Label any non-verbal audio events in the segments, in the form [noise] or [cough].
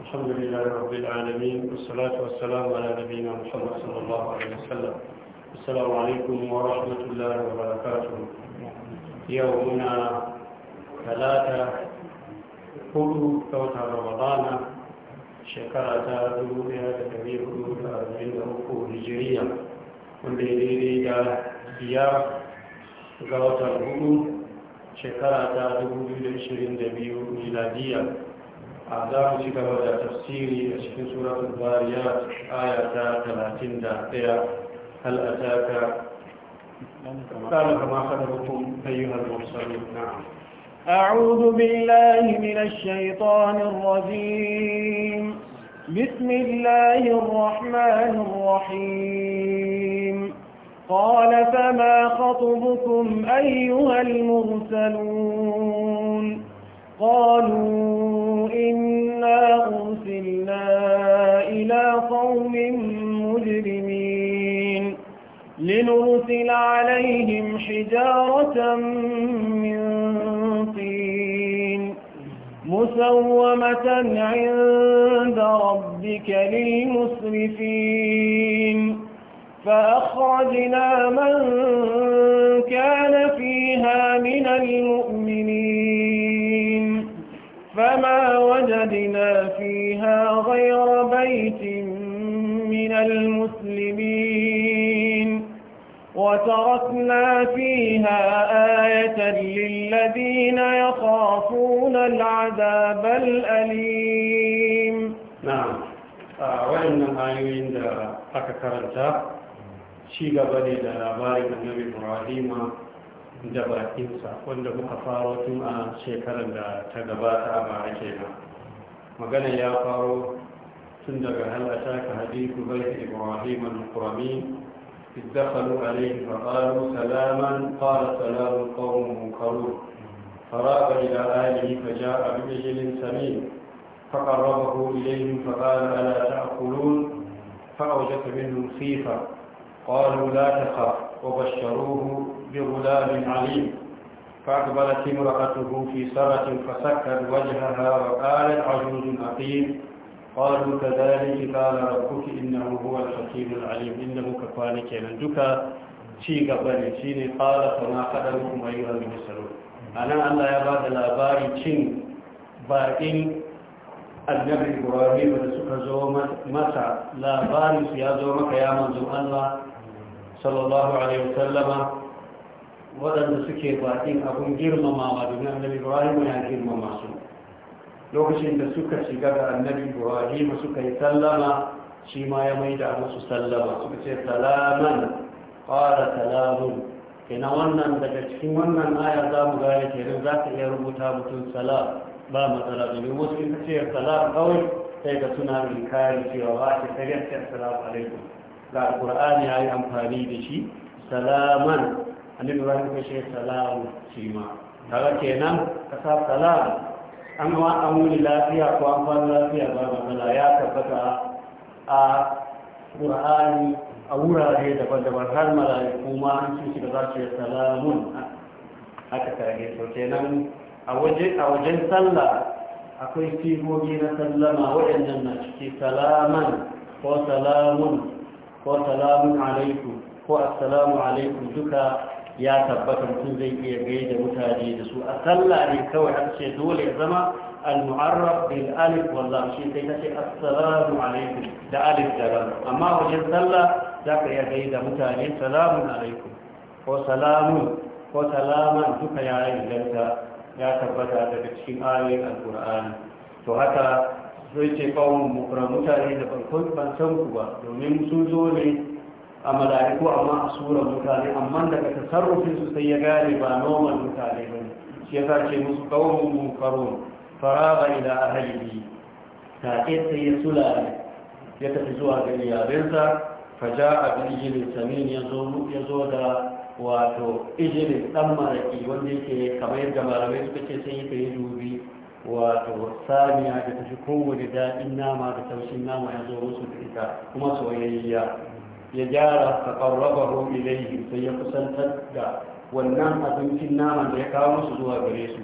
الحمد لله رب العالمين والصلاة والسلام على نبينا محمد صلى الله عليه وسلم السلام عليكم ورحمة الله وبركاته يومنا ثلاثة hudu ta wata ramadana shekara ta dubu da da da hudu uku wanda ya daidai da biyar ga watan hudu dubu biyu da da za mu ci تفسيري أشكي سورة الضاريات آية ثلاثين zariyat هل أتاك 31 hal قال كما خبركم أيها المرسلون نعم أعوذ بالله من الشيطان الرجيم بسم الله الرحمن الرحيم قال فما خطبكم أيها المرسلون قالوا إنا أرسلنا إلى قوم مجرمين لنرسل عليهم حجارة من طين مسومة عند ربك للمسرفين فأخرجنا من كان فيها من المؤمنين فما وجدنا فيها غير بيت من المسلمين وتركنا فيها آية للذين يخافون العذاب الأليم نعم آه، وإن الآيوين دا أكثر كرنتا شيء بدي دا بارك النبي إبراهيم da bakinsa wanda muka faro tun a shekarar da ta gabata a bara kenan magana ya faro tun daga halata ka hadisu bai ibrahim al-qurami دخلوا عليه فقالوا سلاما قال سلام قوم منكرون فراغ إلى آله فجاء بعجل سمين فقربه إليهم فقال ألا تأكلون فأوجس منهم خيفة قالوا لا تخاف وبشروه بغلام عليم فأقبلت امرأته في سرة فسكت وجهها وقالت عجوز أقيم قالوا كذلك قال ربك إنه هو الحكيم العليم إنه كفاني كان دوكا شي قبل شيني قال فما قدركم أيها المسلمون أنا الله يبعد الأباري شين باقين annabi ibrahim da suka zo masa labarin su ya zo maka ya manzo Allah sallallahu alaihi wasallama waɗanda suke baƙin abin girmamawa domin annabi ibrahim ya girmama su lokacin da suka shiga da annabi ibrahim suka yi sallama shi ma ya mai da musu sallama suka ce salaman ƙara salamun kenan wannan daga cikin wannan aya za mu gane kenan za ta iya rubuta mutum salam ba matsala domin wasu in ce salam kawai sai ka suna inkari cewa ba ce sai ya alaikum da alkur'ani ya yi amfani da shi salaman annabi ba ka ce salamu shi ma kenan ka sa salam an ma an wuni lafiya ko an fara lafiya ba matsala ya tabbata a qur'ani a wurare daban-daban har mala'iku ma an ci shi da za su yi salamun haka kage to kenan a wajen sallah akwai sigogi na sallama waɗannan na ciki salaman ko salamun ko salamun alaikum ko assalamu alaikum duka ya tabbata mutum zai iya gaida mutane da su a sallah ne kawai har ce dole ya zama al-mu'arraf bil alif wallah shi sai ta ce assalamu alaikum da alif da lam amma wajen sallah zaka iya gaida mutane salamun alaikum ko salamun ko salaman duka ya inganta ya tabbata daga cikin ayoyin alkur'ani to haka zai ce kawo mukura mutane da ban san ku ba domin sun zo ne a mala'iku amma a sura mutane amma daga tasarrufin su sai ya gane ba noman mutane ba shi ya sace musu kawon mukarun faraba ila ahalihi ta sai ya sulale ya tafi zuwa ga iyalinsa faja a ijilin samin ya zo da wato ijinin dan maraki wanda yake kamar yadda malamai suka ce sai ya yi dubi wato saniya da tafi kowane daɗin nama da taushin nama ya zo musu da ita kuma soyayya ya gyara ta ƙarraba romi laihi sai ya kusantar da wannan abincin nama da ya kawo musu zuwa gare su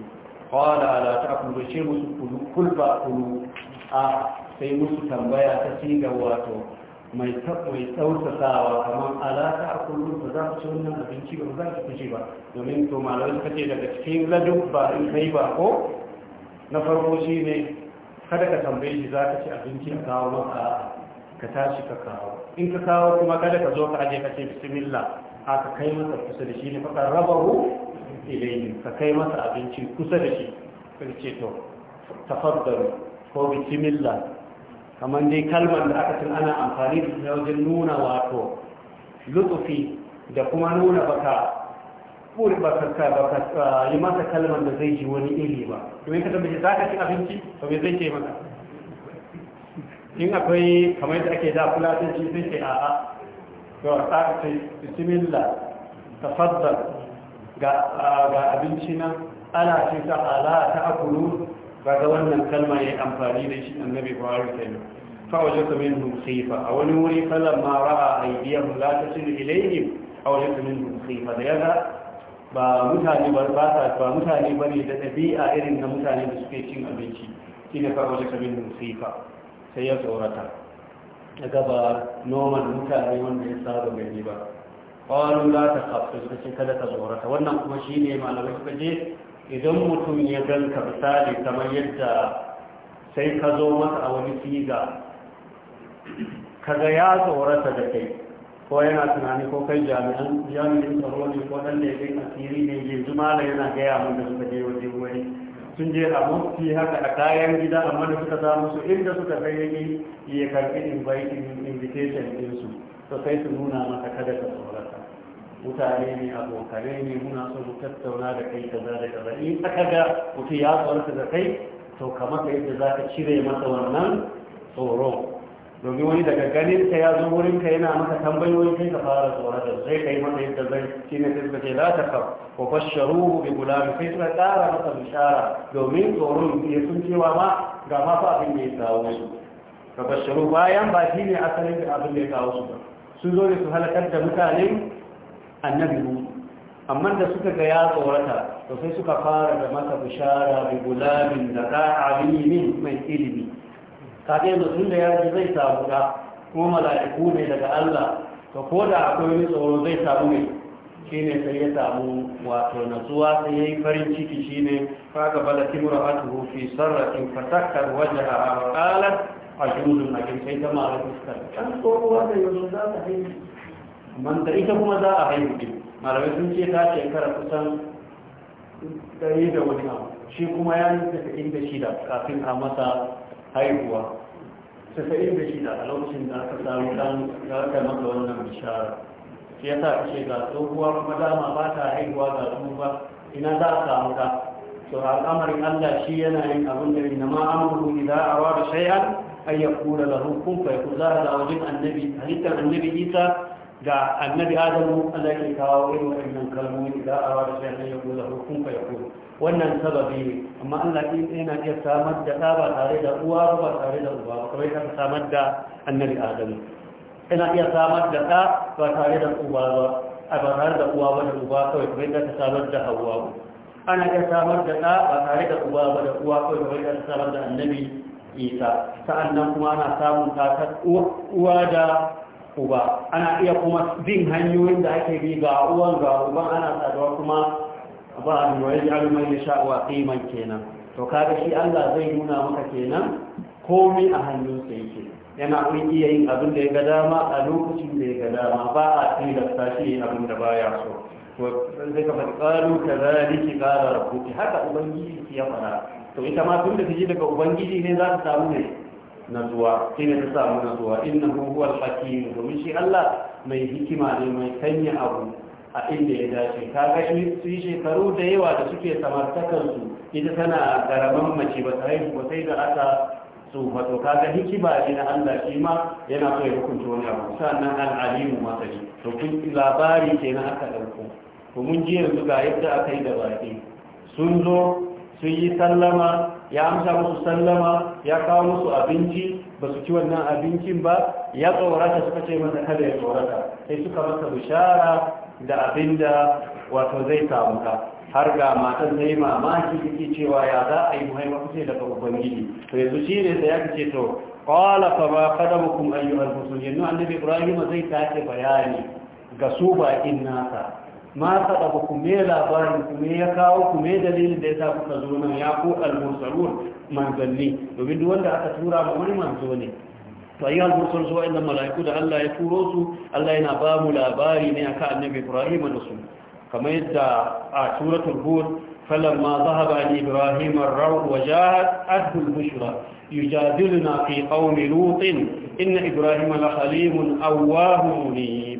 kawala ala ta kulubace musu kulba kulu a sai musu tambaya ta siga wato mai tsautatawa kamar ala ta kulu ba za ku ci wannan abinci ba za ku ci ba domin to malamai suka ce daga cikin ladu ba in kai ba ko na farko shi ne kada ka tambaye shi za ka ci abinci a kawo maka ka tashi ka kawo in ka kawo kuma kada ka zo ka aje ka ce bismillah a ka kai masa kusa da shi ne faka raba hu ilayhi ka kai masa abinci kusa da shi ka ce to tafaddalu ko bismillah kamar dai kalmar da aka tun ana amfani da wajen nuna wato lutsufi da kuma nuna baka kuri ba ka yi masa kalmar da zai ji wani iri ba domin ka tambaye za ka ci abinci to me zai ce maka in akwai kamar da ake da fulatanci sai ce a'a to a ta ce bismillah tafaddal ga ga abinci na? ana ce ta ala ta akulu Ba ga wannan kalma yayi amfani da shi annabi Buhari kenan fa wajata minhum khifa a wani wuri falan ra'a aydiyahum la tasilu ilayhim aw wajata khifa da yaga ba mutane ba ba ba mutane ba ne da ɗabi'a irin na mutane da suke cin abinci shi ne farko da kabin musifa sai ya tsorata daga ba noman mutane wanda ya saba gani ba ƙwarin za ta kafa suka ce kada ta tsorata wannan kuma shi ne malamai suka je idan mutum ya ganka misali kamar yadda sai ka zo masa a wani siga kaga ya tsorata da kai ko yana tunani ko kai jami'an jami'in tsaro ne ko dan leƙen asiri ne zuma da yana gaya mun da suka je waje wani sun je a mafi haka a kayan gida amma da suka samu su inda suka kai yake ya karɓi inviting invitation su to kai su nuna maka kada ka tsorata mutane ne abokane ne muna so mu tattauna da kai kaza da kaza in aka ga mutum ya tsorata da kai to kamar yadda za ka cire masa wannan tsoro domin wani daga ganin ka ya zo wurin ka yana maka tambayoyi kai ka fara tsoron sai ka yi masa yadda zai shi ne sai ce la ta kam ko fasharu bi gulami sai suka tsara masa bishara domin tsoron ya sun cewa ma ga ma fa abin da ya kawo su ka fasharu bayan ba shi ne asalin da abin da ya kawo su ba sun zo ne su halakar da mutanen annabi mu amma da suka ga ya tsorata to sai suka fara da masa bishara bi gulamin da ka abin mai ilimi kaga yanzu tun da ya ji zai samu ga kuma mala'iku ne daga Allah to ko da akwai wani tsoro zai samu ne ne sai ya samu wato natsuwa sai yayi farin ciki shine faga bala timra'atuhu fi sarratin A wajhaha wa qalat na kin sai ta mara fuskar kan tsoro da yanzu za ta haihu amma da ita kuma za a haihu malamai sun ce ta shekara kusan ɗaya da wani abu shi kuma ya yi tasa'in da kafin a masa haihuwa tasa'in da shida a lokacin da aka samu ɗan da aka masa wannan bishara shi ya sa ce ga tsohuwa kuma dama ba ta haihuwa ga tsohuwa ina za a samu ta to al'amarin allah shi yana yin abin da inna ma amuru idan a wara shay'an an ya kura lahu kun fa yakun za a wajen annabi halittar annabi isa da annabi adam Allah yake kawo irin wannan kalmomi da a wata sai Allah ya da hukun fa yakun wannan sababi ne amma Allah yana iya samar da ɗa ba tare da uwa ba tare da uba ba kawai ka samar da annabi adam yana iya samar da ɗa ba tare da uba ba a ba tare da uwa ba da uba kawai kawai ka samar da hawa ba ana iya samar da ɗa ba tare da uba ba da uwa kawai kawai ka samar da annabi isa sa'annan kuma ana samun ta uwa da uba ana iya kuma bin hanyoyin da ake bi ga uwan ga uban ana tsadawa kuma ba a nuna ya ji mai ya sha'uwa kiman kenan to kaga shi allah zai nuna maka kenan komi a hannun sa yake yana kuma iya yin abin da ya ga dama a lokacin da ya ga dama ba a tilasta shi abin da baya so zai kafa ƙaru ka zaliki ƙara rabuki haka ubangiji ya fara to ita ma tun da ta daga ubangiji ne za ta samu ne natsuwa shi ne ta samu natsuwa inna huwal hakim domin shi Allah mai hikima ne mai sanya abu a inda ya dace ga shi su yi shekaru da yawa da suke samartakar su ita tana garaman mace ba ta haihu ba sai da aka tsufa to ga hikima ne na Allah shi ma yana so ya hukunta wani abu sannan al'alimu masani to kun labari kenan aka dauko to mun ji yanzu ga yadda aka yi da baki sun zo su yi sallama ya amsa musu sallama ya kawo musu abinci ba su ci wannan abincin ba ya tsorata suka ce masa kada ya tsorata sai suka masa bishara da abinda wato zai samu ka har ga matan zai mamaki suke cewa ya za a yi muhaimar kusa daga ubangiji to yanzu shi ne sai ya ce to qala fa ma qadamukum ayyuhal musulmin annabi ibrahim zai tace bayani ga su ba nasa. ma kada ba ku me labarin ku me ya kawo ku me dalilin da ya sa kuka zo nan ya ku al-mursalun manzanni domin duk wanda aka tura ma wani manzo ne to ayyuhal mursalun su wa'annan mala'iku da Allah ya turo su Allah yana ba mu labari ne akan annabi Ibrahim da su kamar yadda a suratul hud فلما ذهب عن إبراهيم الروع وجاءت أهل البشرى يجادلنا في قوم لوط إن إبراهيم لحليم أواه منيب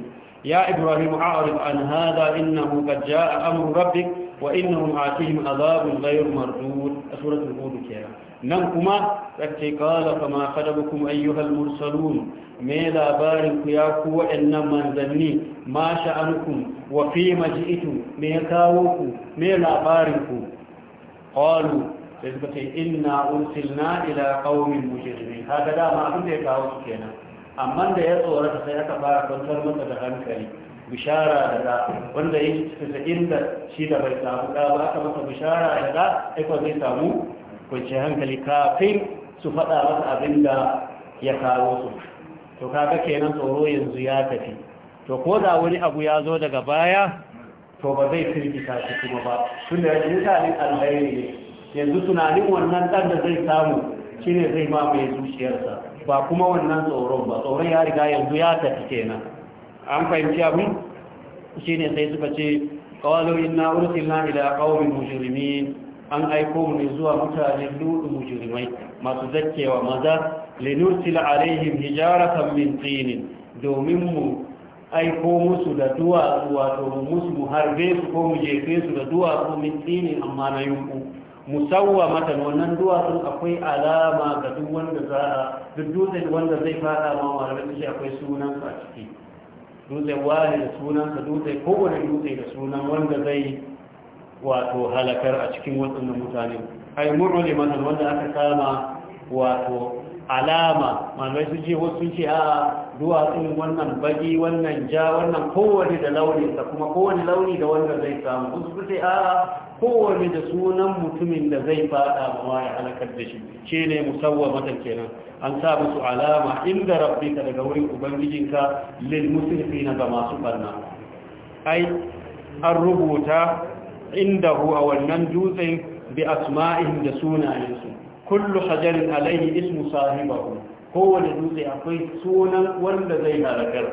يا إبراهيم أعرض عن هذا إنه قد جاء أمر ربك وإنهم آتيهم عذاب غير مردود سورة الهود كيرا نمكما قال فما خدمكم أيها المرسلون ميلا بارك يا قوة إنما ذني ما شأنكم وفي مجئتم ميكاوكم ميلا بارك قالوا إنا أرسلنا إلى قوم مجرمين هذا ما أنت يكاوكم كيرا amma da ya tsorata sai aka fara kwantar masa da hankali bishara da za wanda ya tasirin da shi da bai samu ka ba aka masa bishara da da aiko zai samu kwanci hankali kafin su faɗa masa abin da ya kawo su to kaga kenan tsoro yanzu ya tafi to ko da wani abu ya zo daga baya to ba zai firgita shi kuma ba tun da mutanen alhairi ne yanzu tunanin wannan ɗan da zai samu shine zai mamaye zuciyarsa ba kuma wannan tsoron ba tsoron ya riga yanzu ya tafi kenan an fahimci abin shine sai suka ce qalu inna ursilna ila qaumin mujrimin an aiko mu ne zuwa mutanen lutu mujrimai masu zakkewa maza linursila alaihim hijaratan min mintini. domin mu aiko musu da duwatsu wato musu harbe su ko mu jefe su da duwatsu min amma na yunku musawwa mata wannan duwatsun akwai alama ga duk wanda za a duk dutsen wanda zai fada ma malamai shi akwai sunansa a ciki dutsen wani da sunansa dutse kowane dutse da sunan wanda zai wato halakar a cikin waɗannan mutane ai murule wanda aka kama wato alama malamai su je wasu ce a duwatsun wannan baki wannan ja wannan kowane da launinsa kuma kowane launi da wanda zai samu wasu ce a kowane da sunan mutumin da zai fada mawa ya halakar da shi ce ne musawwa matan kenan an sa musu alama inda ka daga wurin ubangijinka lil musulmi na ga masu barna ai an rubuta inda hu a wannan dutsen bi asma'in da sunayensu kullu hajarin alaihi ismu sahibahu kowane dutse akwai sunan wanda zai halakar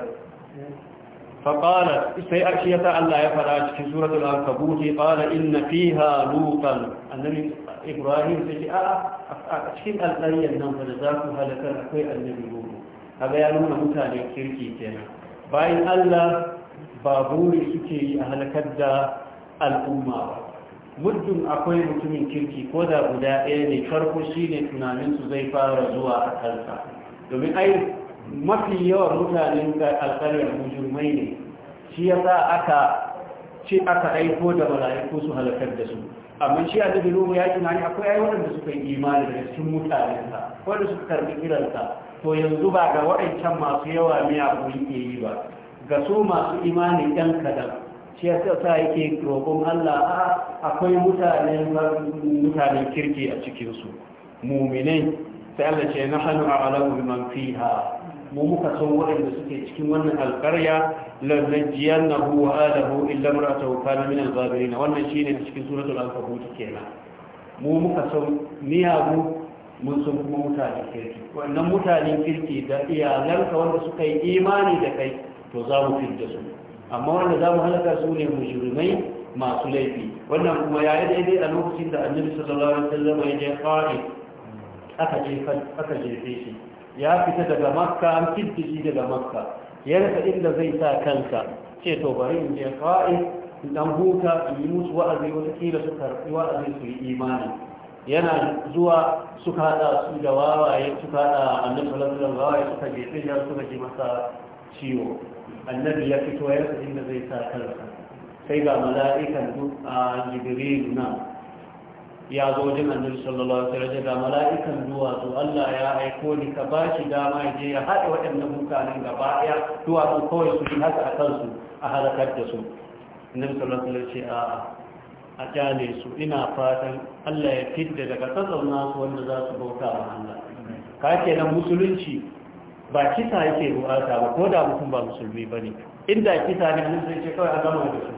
faƙala sai ake yata Allah ya fara cikin suratul ankabut ya fara inna fiha lutan annabi ibrahim sai ce a cikin alƙaryar nan fa da za ku halakar akwai annabi lutu kaga ya nuna mutane kirki kenan bayan Allah ba buri suke yi a halakar da al'umma ba muddin akwai mutumin kirki ko da guda ɗaya ne farko shi ne tunaninsu zai fara zuwa a kansa domin ai mafi yawan mutanen alƙaryar musulmai ne shi ya sa aka ce aka aiko da mala'iku su halakar da su amma shi a dubi lomu ya tunani akwai ai waɗanda suka yi imani da cikin mutanensa da suka karɓi kiransa to yanzu ba ga waɗancan masu yawa miyagun ke yi ba ga su masu imanin ɗan kadan shi ya sa yake roƙon Allah a akwai mutanen kirki a cikinsu muminai sai Allah ce na hannu a alamu man fiha mu muka san waɗanda suke cikin wannan alƙarya jiyan na huwa alahu illam ra'ata wuka na min zabiri na wannan shine ne cikin suratul al ke kenan mu muka san miyagu mun san kuma mutane kirki wannan mutanen kirki da iyalanka wanda suka yi imani da kai to za mu da su amma wanda za mu halaka su ne mujrimai masu laifi wannan kuma ya yi daidai a lokacin da annabi sallallahu alaihi wasallam ya je qari aka je aka jefe shi ya fita daga makka an fidda shi daga makka Yanka rasa inda zai sa kansa ce to bari in je qari dan huta in yi musu wa'azi wata kila su karbi wa'azi su yi imani yana zuwa su hada su da wawaye su hada annabi sallallahu alaihi wasallam wawaye suka jefe shi suka ji masa ciwo annabi ya fito ya rasa inda zai sa kansa sai ga mala'ikan a jibril na ya zo jin annabi sallallahu alaihi wasallam ga mala'ikan duwatsu Allah ya aiko ni ka ba dama ya je ya haɗa waɗannan mutanen gaba ɗaya duwatsu kawai su yi haka a kansu a halakar da su annabi sallallahu alaihi wasallam ce a'a a kyale su ina fatan Allah ya fidda daga sassan su wanda za su bauta wa Allah ka nan musulunci ba kisa yake buƙata ba ko da mutum ba musulmi ba ne inda kisa ne mun sai ce kawai an gama da su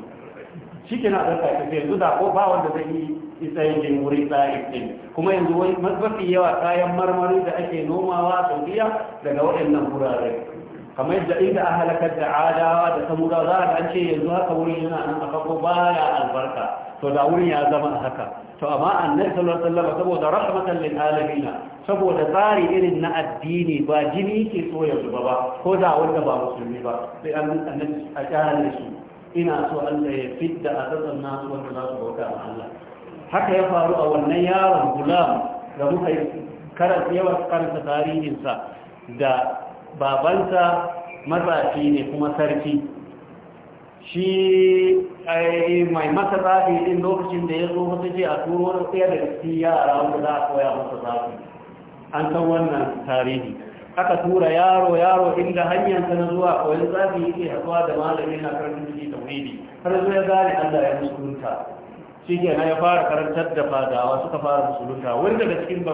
shi ke na ɗarka ta yanzu da ko ba wanda zai yi isa yin jimuri tsarin ɗin kuma yanzu mafi yawa kayan marmari da ake nomawa a saudiya daga waɗannan wurare kamar yadda inda a halakar da ada da samura za a ce yanzu haka wurin yana nan a farko baya albarka to da wurin ya zama haka to amma annabi sallallahu alaihi wasallam saboda rahmatan lil alamin saboda tsari irin na addini ba jini ke so ya zuba ba ko da wanda ba musulmi ba sai an annabi a kyale su ina so Allah ya fidda azazan nasu wanda za su bauta ma Allah haka ya faru a wannan yaron gulam da muka karanta yawan karanta tarihinsa da babansa matsafi ne kuma sarki shi mai masa zafi din lokacin da ya zo wasu ce a turo wani tsaye da gaske yara wanda za a koya masa zafi an san wannan tarihi aka tura yaro yaro inda hanyarsa na zuwa koyon zafi yake haɗuwa da malamin na karfin jiki da wuri har zo ya gane allah ya musulunta shi ke na ya fara karantar da fadawa suka fara musulunta wanda da cikin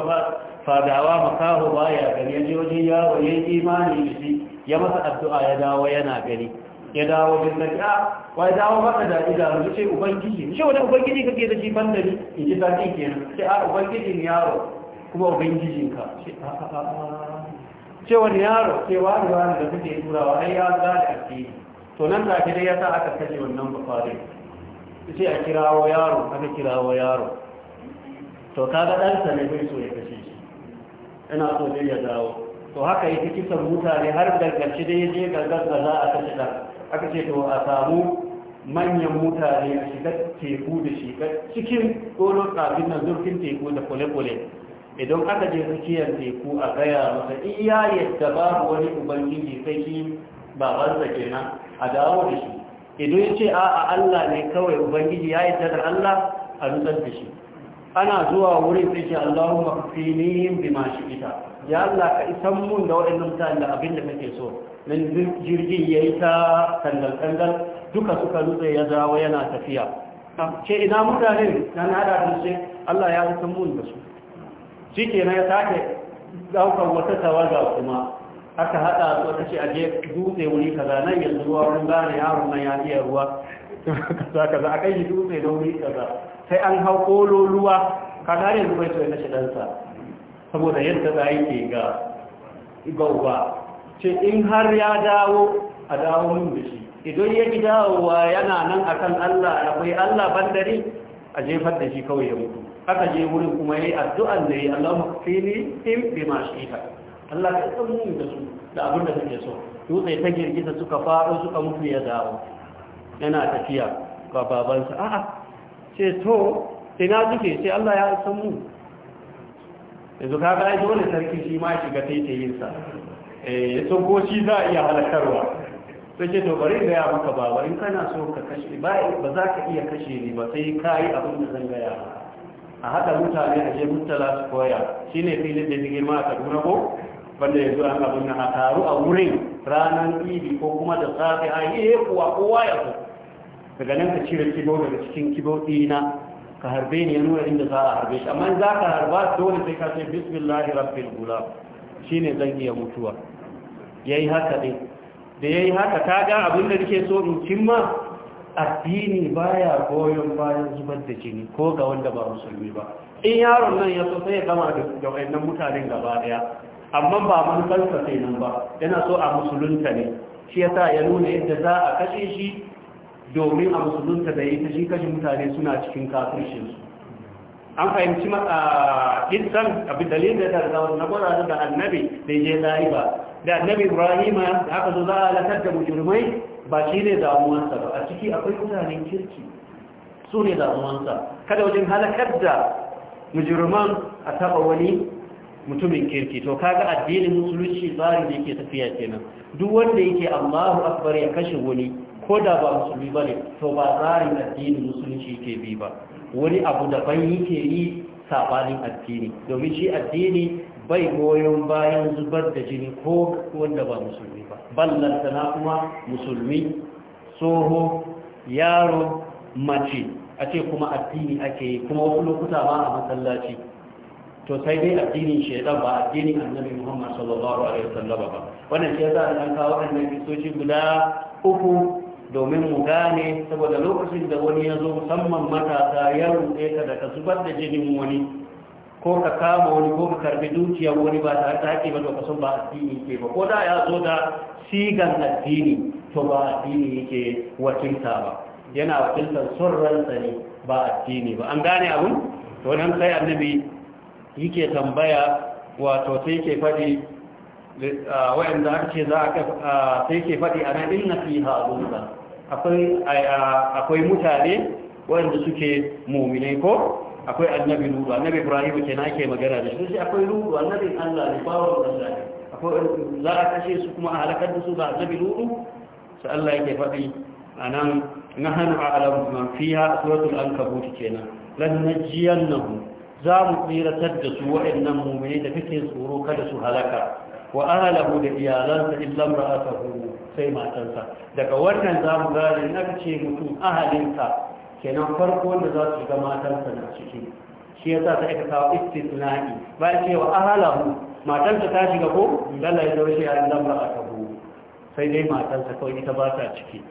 fadawa makaho ya gani ya je ya waye imani shi ya masa addu'a ya dawo yana gani ya dawo bin da ah, ya wai dawo maka da ida mu ce ubangiji mu ce wani ubangiji kake da shi bandari in ji sati kenan sai a ne yaro kuma ubangijin ka ah, ah, ce wani yaro ce wani wani da kuke turawa ai ya ga da ke to nan da ke dai ya sa aka kaje wannan bukari sai a kirawo yaro aka kirawo yaro to kaga dan sa ne bai so ya kashe ina so dai ya dawo to haka yi kisan mutane har gargarci dai ya je gargarza za a kashe ɗan aka ce to a samu manyan mutane a shiga teku da shiga cikin ƙoro kafin na zurfin teku da kule-kule idan aka je tsakiyar teku a gaya masa iya yadda babu wani ubangiji sai shi babansa kenan a dawo da shi idan ya ce a'a Allah ne kawai ubangiji ya yadda da Allah a nutsar da shi ana zuwa wurin sai ce Allahumma kfinihim bima shi'ita ya Allah ka isan mun da waɗannan mutane da abin da kake so min jirgin yayi ta kangal kangal duka suka nutse ya dawo yana tafiya ce ina mutane nan hada da su Allah ya isan mun da su shikenan ya sake daukar wata tawaga kuma aka hada su aka ce aje dutse wuri kaza nan yanzu ruwa wurin gane yaron nan ya iya ruwa [laughs] kaza kaza akai dutse da wuri kaza sai an hau kololuwa kaga yanzu bai so ya nashi ɗansa saboda yadda za a yi ke ga igauba ce in har ya dawo a dawo min da shi idan ya dawowa yana nan akan Allah kai Allah bandare a jefar da shi kawai ya mutu aka je wurin kuma yayi addu'an da yayi in bi ma shi ta. Allah ka mun da su da abin da suke so dutse ta girgiza suka faro suka mutu ya dawo yana tafiya ga babansa a'a ce to ina duke sai Allah ya san mu yanzu ka ga dole sarki shi ma shiga yin sa eh so ko shi za a iya halakarwa sai ce to bari ga ya maka ba bari kana so ka kashe ba ba za ka iya kashe ni ba sai kai abin da zan ga a haka mutane a je mutala su koya shine filin da digir ma ta dura ko banda yanzu an abin na a taru a wurin ranan idi ko kuma da safe a yi eh, kuwa kowa ya so daga nan ka cire kibo daga cikin kibo ɗina ka harbe ni ya nuna inda za a harbe shi amma za ka harba dole sai ka ce bismillahi rabbil Shi shine zan iya mutuwa yayi haka din da yayi haka ta ga abin da nake so in cimma addini baya goyon bayan zubar da jini ko ga wanda ba musulmi ba in yaron nan ya so sai ya gama da wayannan mutanen gaba daya amma ba kansa sai nan ba yana so a musulunta ne shi yasa ya nuna yadda za a kashe shi domin a musulunta da yi ta shi kashe mutane suna cikin kafircinsu an fahimci ɗinsan abin dalilin da ta zama na gwada da annabi da je layi ba da annabi ibrahima da haka zo za a latar da mujirmai ba shi ne damuwansa ba a ciki akwai mutanen kirki su ne damuwansa kada wajen halakar da mujirman a taɓa wani mutumin kirki to kaga addinin musulunci tsarin da yake tafiya kenan duk wanda yake Allahu akbar ya kashe wani ko da ba musulmi ba ne to ba tsarin addinin musulunci ke bi ba wani abu daban yake yi saɓanin addini domin shi addini bai goyon bayan zubar da jini ko wanda ba musulmi ba ballantana kuma musulmi tsoho yaro mace a ce kuma addini ake yi kuma wasu lokuta ma a masallaci to sai dai addinin shaidan ba addinin annabi Muhammad sallallahu alaihi wasallam ba wannan shi yasa an kawo annabi soci guda uku domin mu gane saboda lokacin da wani ya zo musamman matasa ya rute ka da ka zubar da jinin wani ko ka kama wani ko ka karbi dukiyar wani ba tare da haƙi ba to ba addini ke ba ko da ya zo da sigan addini to ba addini yake wakilta ba yana wakiltar son ransa ba addini ba an gane abun to nan sai annabi yake tambaya wato sai ke faɗi wa'anda ake za a sai ke faɗi a nan inna fi hazunsa akwai mutane wa'anda suke muminai ko akwai annabi ludu annabi ibrahim ke na ke magana da shi akwai ludu annabi allah ne bawon allah ne akwai za a kashe su kuma a halakar da su ga annabi ludu sai allah yake faɗi a nan na hannu a alamu man fiya suratul ankabut kenan lan najiyannahu za mu tsiratar da su wa'annan muminai da kake tsoro kada su halaka wa ahlahu da iyalansa illa ra'atuhu sai matansa daga wannan zamu gane in aka ce mutum ahalinka kenan farko wanda za su ga matansa na ciki shi yasa sai aka kawo ba ce wa ahlahu matansa ta shiga ko dalla ya zaure shi a illa ra'atuhu sai dai matansa kawai ita ba ta ciki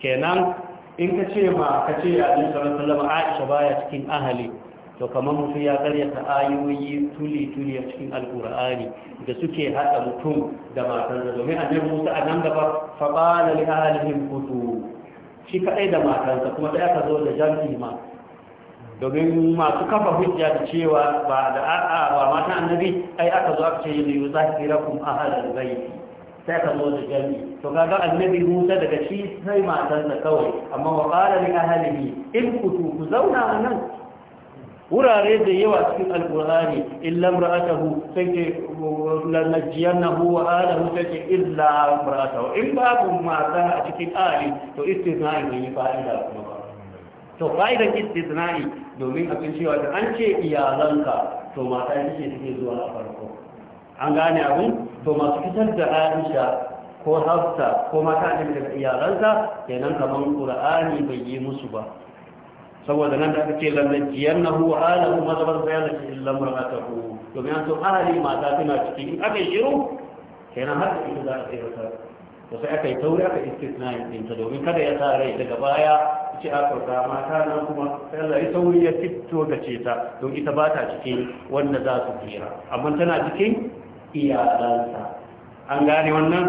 kenan in ka ce ma ka ce a sallallahu alaihi wasallam Aisha baya cikin ahali to kamar mutum ya karyata ayoyi tuli-tuli a cikin alkur'ani da suke haɗa mutum da matansa domin annabi musa a nan gaba faɓala li ahalihim kutu shi kaɗai da matansa kuma da aka zo da jami'i ma domin masu kafa hujja da cewa ba da a'a ba matan annabi ai aka zo aka ce yin yuzakirakum ahalal baiti sai ka zo da jami'i to kaga annabi Musa daga shi sai matarsa kawai amma wa qala li ahlihi in kutu ku zauna nan wurare da yawa cikin alkur'ani illa ra'atahu sai lanajiyanahu wa alahu sai illa ra'atahu in babu mata a cikin ali to istisna'i ne ya fa'ida kuma ba to fa'ida istisna'i domin abin cewa an ce iyalanka to mata yake cikin zuwa a farko an gane abin to masu fitar da Aisha ko Hafsa ko mata da iyalansa kenan kaman Qur'ani bai yi musu ba saboda nan da aka ce lallaciyan na huwa alahu mazabar sai yana cikin lamar haka domin an so ahali mata tana ciki in aka shiru kenan har da ita za a tsaye ta. to sai aka yi tauri aka istisna yin ta domin kada ya sa rai daga baya ce a kauta mata na kuma sai Allah ya tauri ya fito da ce ta don ita ba ta cikin wanda za su tsira amma tana cikin iyalansa an gane wannan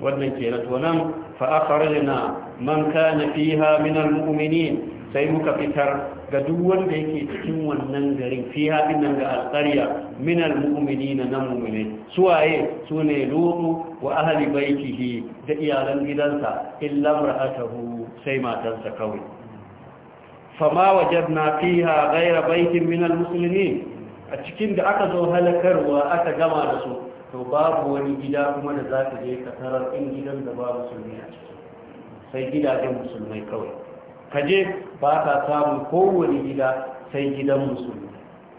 wannan kenan to nan fa akhrajna man kana fiha min al-mu'minin sai muka fitar ga duk wanda yake cikin wannan garin haɗin nan ga alƙarya minal mu'minina na mu'mine suwaye sune lutu wa ahli baitihi da iyalan gidansa illa mar'atahu sai matarsa kawai fama wajadna fiha ghayra baitin minal musulmi? a cikin da aka zo halakarwa aka gama da su to babu wani gida kuma da za ka je ka tarar in gidan da ba musulmi a ciki sai gidajen musulmai kawai kaje ba ka samun kowane gida sai gidan musulmi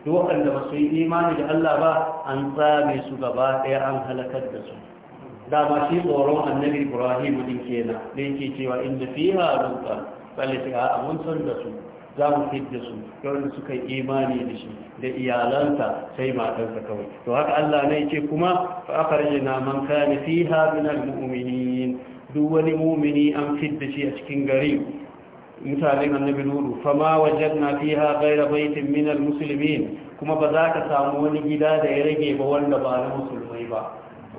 duk waɗanda ba su yi imani da Allah ba an tsame su gaba ɗaya an halakar da su ba shi tsoron annabi ibrahim din kenan da yake cewa inda fiha dukkan balli a mun san da su za mu fidda su yawan suka yi imani da shi da iyalanta sai matarsa kawai to haka Allah ne yake kuma fa akhrajna man kana fiha min almu'minin duk wani mu'mini an fidda shi a cikin gari mutanen annabi nuhu fama wajen wajanna fiha ghayra baitin min almuslimin kuma ba za ka samu wani gida da ya rage ba wanda ba na musulmai ba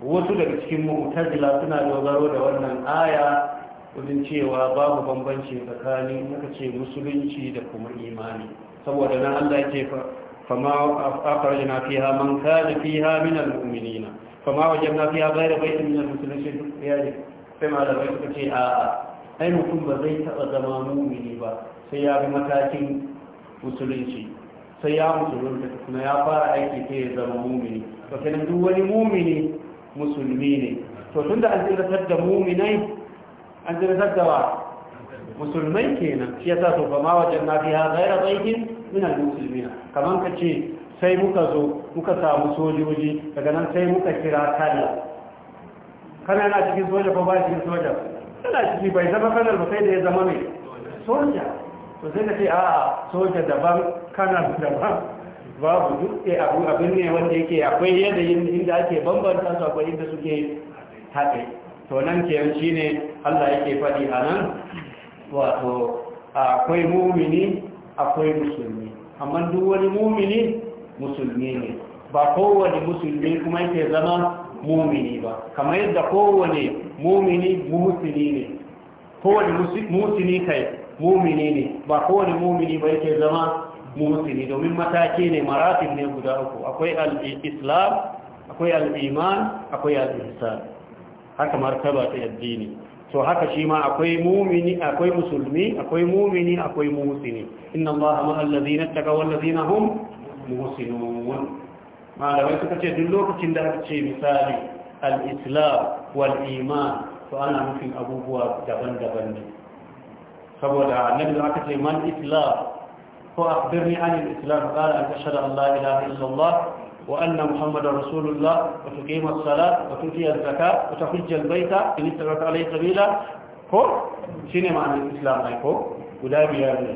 wasu daga cikin mu'tazila suna dogaro da wannan aya wajen cewa babu bambanci tsakanin muka ce musulunci da kuma imani saboda nan Allah ya ce fama fi ha man fi fiha min almu'minina fama wajen wajanna fiha ghayra baitin min almuslimin sai malamai suka ce a'a ai mutum ba zai taɓa zama mumini ba sai ya bi matakin musulunci sai ya musulunta kuma ya fara aiki sai ya zama mumini to kenan duk wani mumini musulmi ne to tun da an tsiratar da muminai an tsiratar da wa musulmai kenan shi yasa to fa ma wajen na fiha ghaira bayyin min al-muslimina kaman ka ce sai muka zo muka samu sojoji daga nan sai muka kira kalla kana na cikin soja ko ba cikin soja tana ciki bai zama kanar ba sai da ya zama mai soja to sai ka a soja daban kanar daban babu duk abu abin ne wanda yake akwai yadda inda ake bambanta su akwai inda suke haɗe to nan ke shi ne allah yake faɗi a nan wato akwai mumini akwai musulmi amma duk wani mumini musulmi ne ba kowane musulmi kuma yake zama mumini ba kamar yadda kowane mumini muhsini ne kowane muhsini kai mumini ne ba kowane mumini ba yake zama muhsini domin mataki ne maratin ne guda uku akwai al-islam akwai al-iman akwai al-ihsan haka martaba ta addini to haka shi ma akwai mumini akwai musulmi akwai mumini akwai muhsini inna allaha ma'al ladina taqaw wal ladina hum muhsinun malamai suka ce duk lokacin da aka ce misali al-islam wal iman to ana nufin abubuwa daban-daban ne saboda annabi aka ce man islam ko akhbirni an al-islam qala an tashhadu Allah, la ilaha illallah wa anna muhammadar rasulullah wa tuqima as-salat wa tuti az-zakat wa tahujja al-bayta in istaghfara alayhi sabila ko shine ma'anin islam mai ko guda biyar ne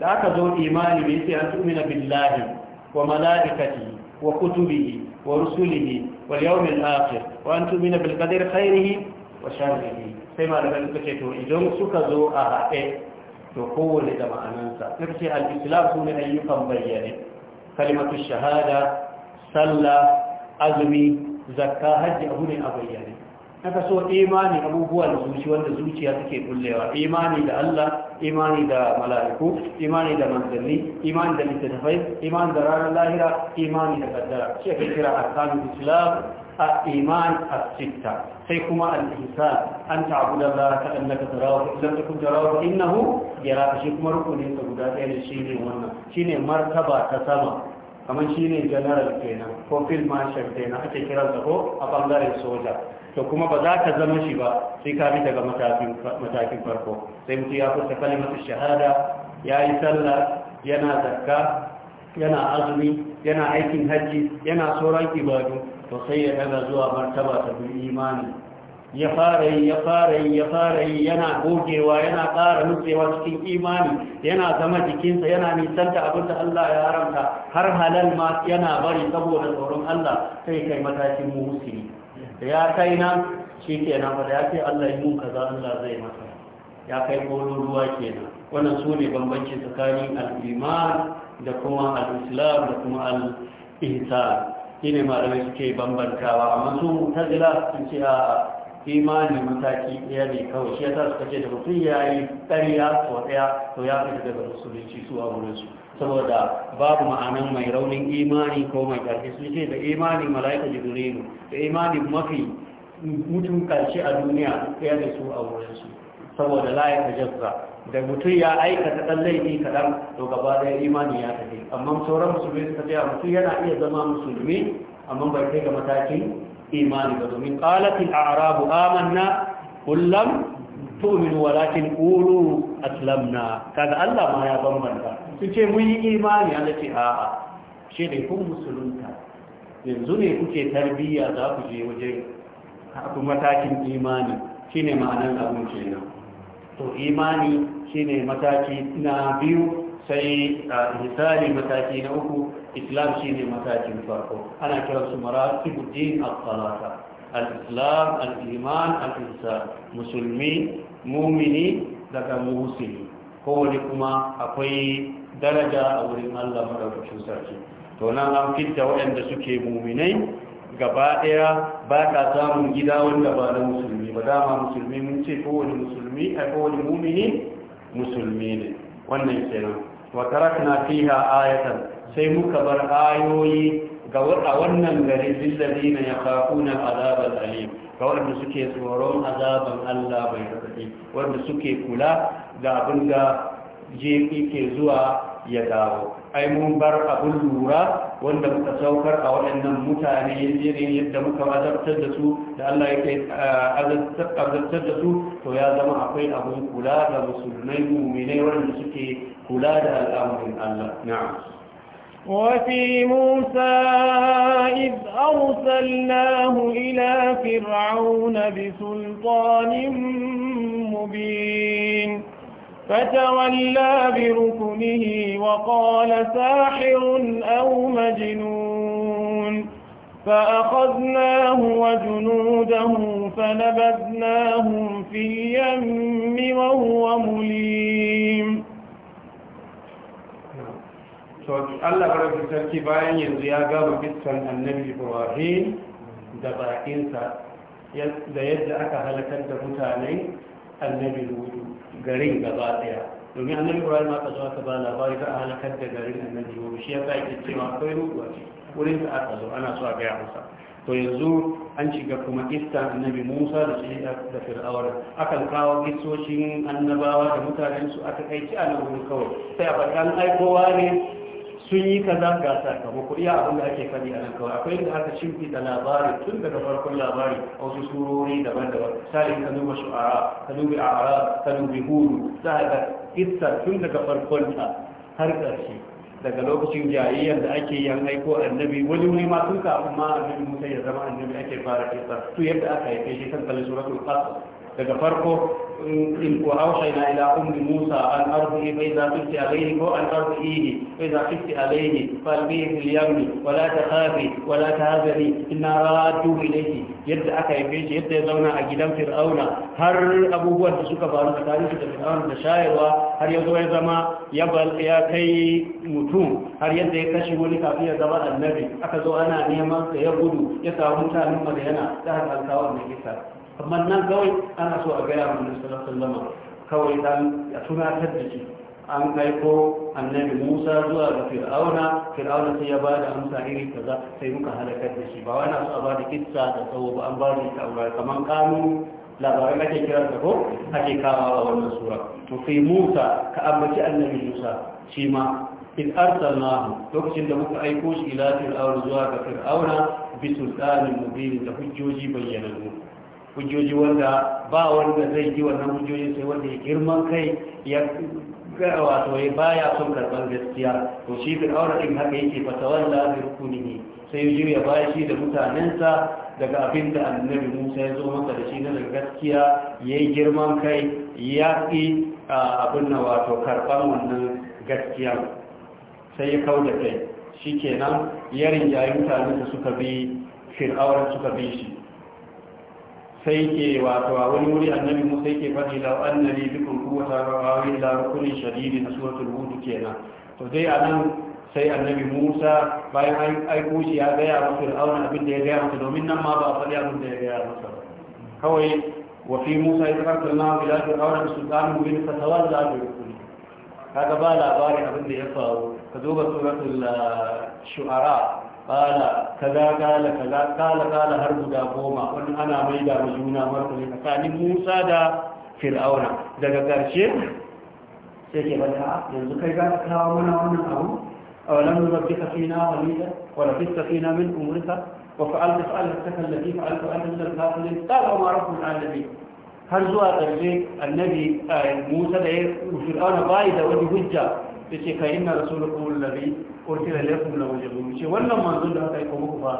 da aka zo imani bai sai an tu'mina billahi wa mala'ikati. وكتبه ورسله واليوم الآخر وأن تؤمن بالقدر خيره وشره سيما لبن كتو إذن سكزو أهائه تقول لدمع ننسى نفسي الإسلام سنة أيكم بيّنه كلمة الشهادة صلى أزمي زكاة هج أبني أبيّنه haka so imani abubuwan zuci wanda zuciya suke bullewa imani da Allah imani da mala'iku imani da manzanni imani da littattafai imani da ranar lahira imani da kaddara shi ake kira arkanul islam a iman as-sitta sai kuma al-ihsan an ta'budu Allah ka annaka tarahu idan takun tarahu innahu yaraka shi kuma rukunin sa guda ɗaya ne shine wannan shine martaba ta sama kamar shine general kenan ko field marshal kenan ake da ko a bangaren soja to kuma ba za ka zama shi ba sai ka bi daga matakin farko sai mutu ya kusa kalimatu shahada ya yi sallah yana zarka yana azumi yana aikin hajji yana sauran ibadu to sai ya daga zuwa martaba ta bi imani ya fara yi ya fara yi ya fara yi yana gogewa yana ƙara nutsewa cikin imani yana zama jikinsa yana nisanta abin da Allah ya haramta har halal ma yana bari saboda tsoron Allah sai kai matakin musulmi. ya kai na, shi kenan ba da ya ce Allah yi mun kaza Allah zai masa ya kai kolon ruwa na? wannan su ne bambanci tsakanin al'iman da kuma al'islam da kuma al'isa shi ne malamai suke bambantawa amma su zila sun ce a imani mataki ɗaya ne kawai shi ya sa suka ce da mutum ya yi ɗariya sau ɗaya to ya fita daga musulunci su a su. saboda babu ma'anan mai raunin imani ko mai ƙarfi sun ce da imanin mala'ika jibrilu da imanin mafi mutum karshe a duniya ɗaya da su a wurinsu saboda layi ta jazza da mutum ya aikata ɗan laifi kaɗan to gaba ɗaya imani ya tafi amma sauran musulmi suka ce mutum yana iya zama musulmi amma bai kai ga matakin imani ba domin qalatil a'rabu amanna kullum tu'minu walakin ulu aslamna kaga Allah ma ya bambanta sun ce mun yi imani zafi a a ce da kun musulunta yanzu ne kuke tarbiyya za ku je wajen haku matakin imani shi ne ma'anar abin ce kenan to imani shi ne mataki na biyu sai a misali mataki na uku islam shi ne matakin farko ana kira su maratibuddin al-salata al-islam al-iman al-ihsan musulmi mumini daga musulmi kowane kuma akwai daraja a wurin Allah maɗaukacin sarki to nan an fitta waɗanda suke muminai gaba ɗaya ba ka samun gida wanda ba na musulmi ba dama musulmi mun ce kowane musulmi a kowane mumini musulmi ne wannan kenan wa tarakna fiha ayatan sai muka bar ayoyi ga a wannan gari lillazina yakhafuna azabal alim ga wanda suke tsoron azaban Allah bai rabe wanda suke kula da abin da jibi ke zuwa ya dawo ai mun bar abin lura wanda muka saukar a waɗannan mutane yanzu yadda muka azabtar da su da Allah yake eh, azabtar da su to ya zama akwai abin kula da musulmai mu'minai wanda suke kula da al'amarin Allah na'am وفي موسى إذ أرسلناه إلى فرعون بسلطان مبين فتولى بركنه وقال ساحر أو مجنون فأخذناه وجنوده فنبذناهم في اليم وهو مليم الله رب التركيبين ينزي أقام بسن النبي إبراهيم دبائنسا da yadda aka halakar da mutane garin gaba daya domin annabi ibrahim aka zo aka ba labari za a halakar da garin annabi yau shi ya ka yake cewa akwai ruwa ce wurin da aka zo ana so a gaya musa to yanzu an shiga kuma ista annabi musa da shi da fir'awar akan kawo kisoshin annabawa da mutanen su aka kai ci a nan kawai sai a faɗi an aikowa ne sun yi kaza ga sakamako iya abin da ake fadi a nan kawai akwai inda aka shimfiɗa labari tun daga farkon labari a wasu surori daban-daban misali ka duba shu'ara ka duba a'ara ka duba hudu za a ga tun daga farkon ta har ƙarshe daga lokacin jayayyar da ake yan aiko annabi wani wuri ma tun kafin ma annabi musa ya zama annabi ake fara kissa to yadda aka haife shi kan kalli suratul qasas daga farko وأوحينا إلى أم موسى أن أرضه فإذا خفت عليه أو أن أرضيه فإذا خفت عليه فألقيه في اليم ولا تخافي ولا تهزني إنا رادوه إليه yadda aka haife shi yadda ya zauna a gidan fir'auna har abubuwan da suka faru tsakanin su da fir'auna da shayarwa har ya zo ya zama ya kai mutum har yadda ya kashe wani kafin ya zama annabi aka zo ana neman sa ya gudu ya samu mutanen madayana da har alkawar amma nan kawai ana so a gaya mun nasarar sallama kawai dan ya tunatar da shi an aiko annabi musa zuwa ga fir'auna fir'auna sai ya bada amsa iri kaza sai muka halakar da shi ba wani so a ba da kitsa da tsawo ba an ba da aure kamar kanu labarin ake kira ta ko ake kawo a wannan sura to sai musa ka ambaci annabi musa shi ma in arsalnahu lokacin da muka aiko shi ila fir'auna zuwa ga fir'auna bi sultanin mubin da hujjoji bayyanannu hujjoji wanda ba wanda zai ji wannan hujjoji sai wanda ya girman kai ya wato ya baya son karban gaskiya to shi aure din haka yake fata wanda rukuni rukunihi sai ya juya baya shi da mutanensa daga abin da annabi Musa ya zo maka da shi na gaskiya ya yi girman kai ya ƙi abin na wato karban wannan gaskiya sai ya kau da kai shi kenan yarin yayin mutane da suka bi suka bi shi sai ke wato a wani wuri annabi mu sai ke faɗi lau annabi bikin kuwata rawawi ila rukunin shadidi na suratul hudu kenan to dai a nan sai annabi musa bayan an aiko shi ya gaya wa fir'auna abin da ya gaya masa domin nan ma ba a faɗi abin da ya gaya masa kawai wa fi musa ya tsarkar na ila fir'auna da sultanin bin fatawar da ake rukuni kaga ba labarin abin da ya faru ka zo ga suratul ah, shu'ara kala kaza kala kaza kala kala har guda goma wani ana maida da juna martani tsakanin musa da fir'auna daga ƙarshe sai ke bada ah, yanzu kai gana kawo mana wannan abu a walan zubar duka fina walida wala fiska fina min umurka wa fa'alta fa'alta ta kallafi fa'alta an da ta tsara ma rabbul alamin har zuwa ƙarshe annabi eh, musa da ya fir'auna bai da wani hujja yace fa inna rasulukum alladhi laifin ilaykum la wajhu ce wannan manzon da aka aika muku fa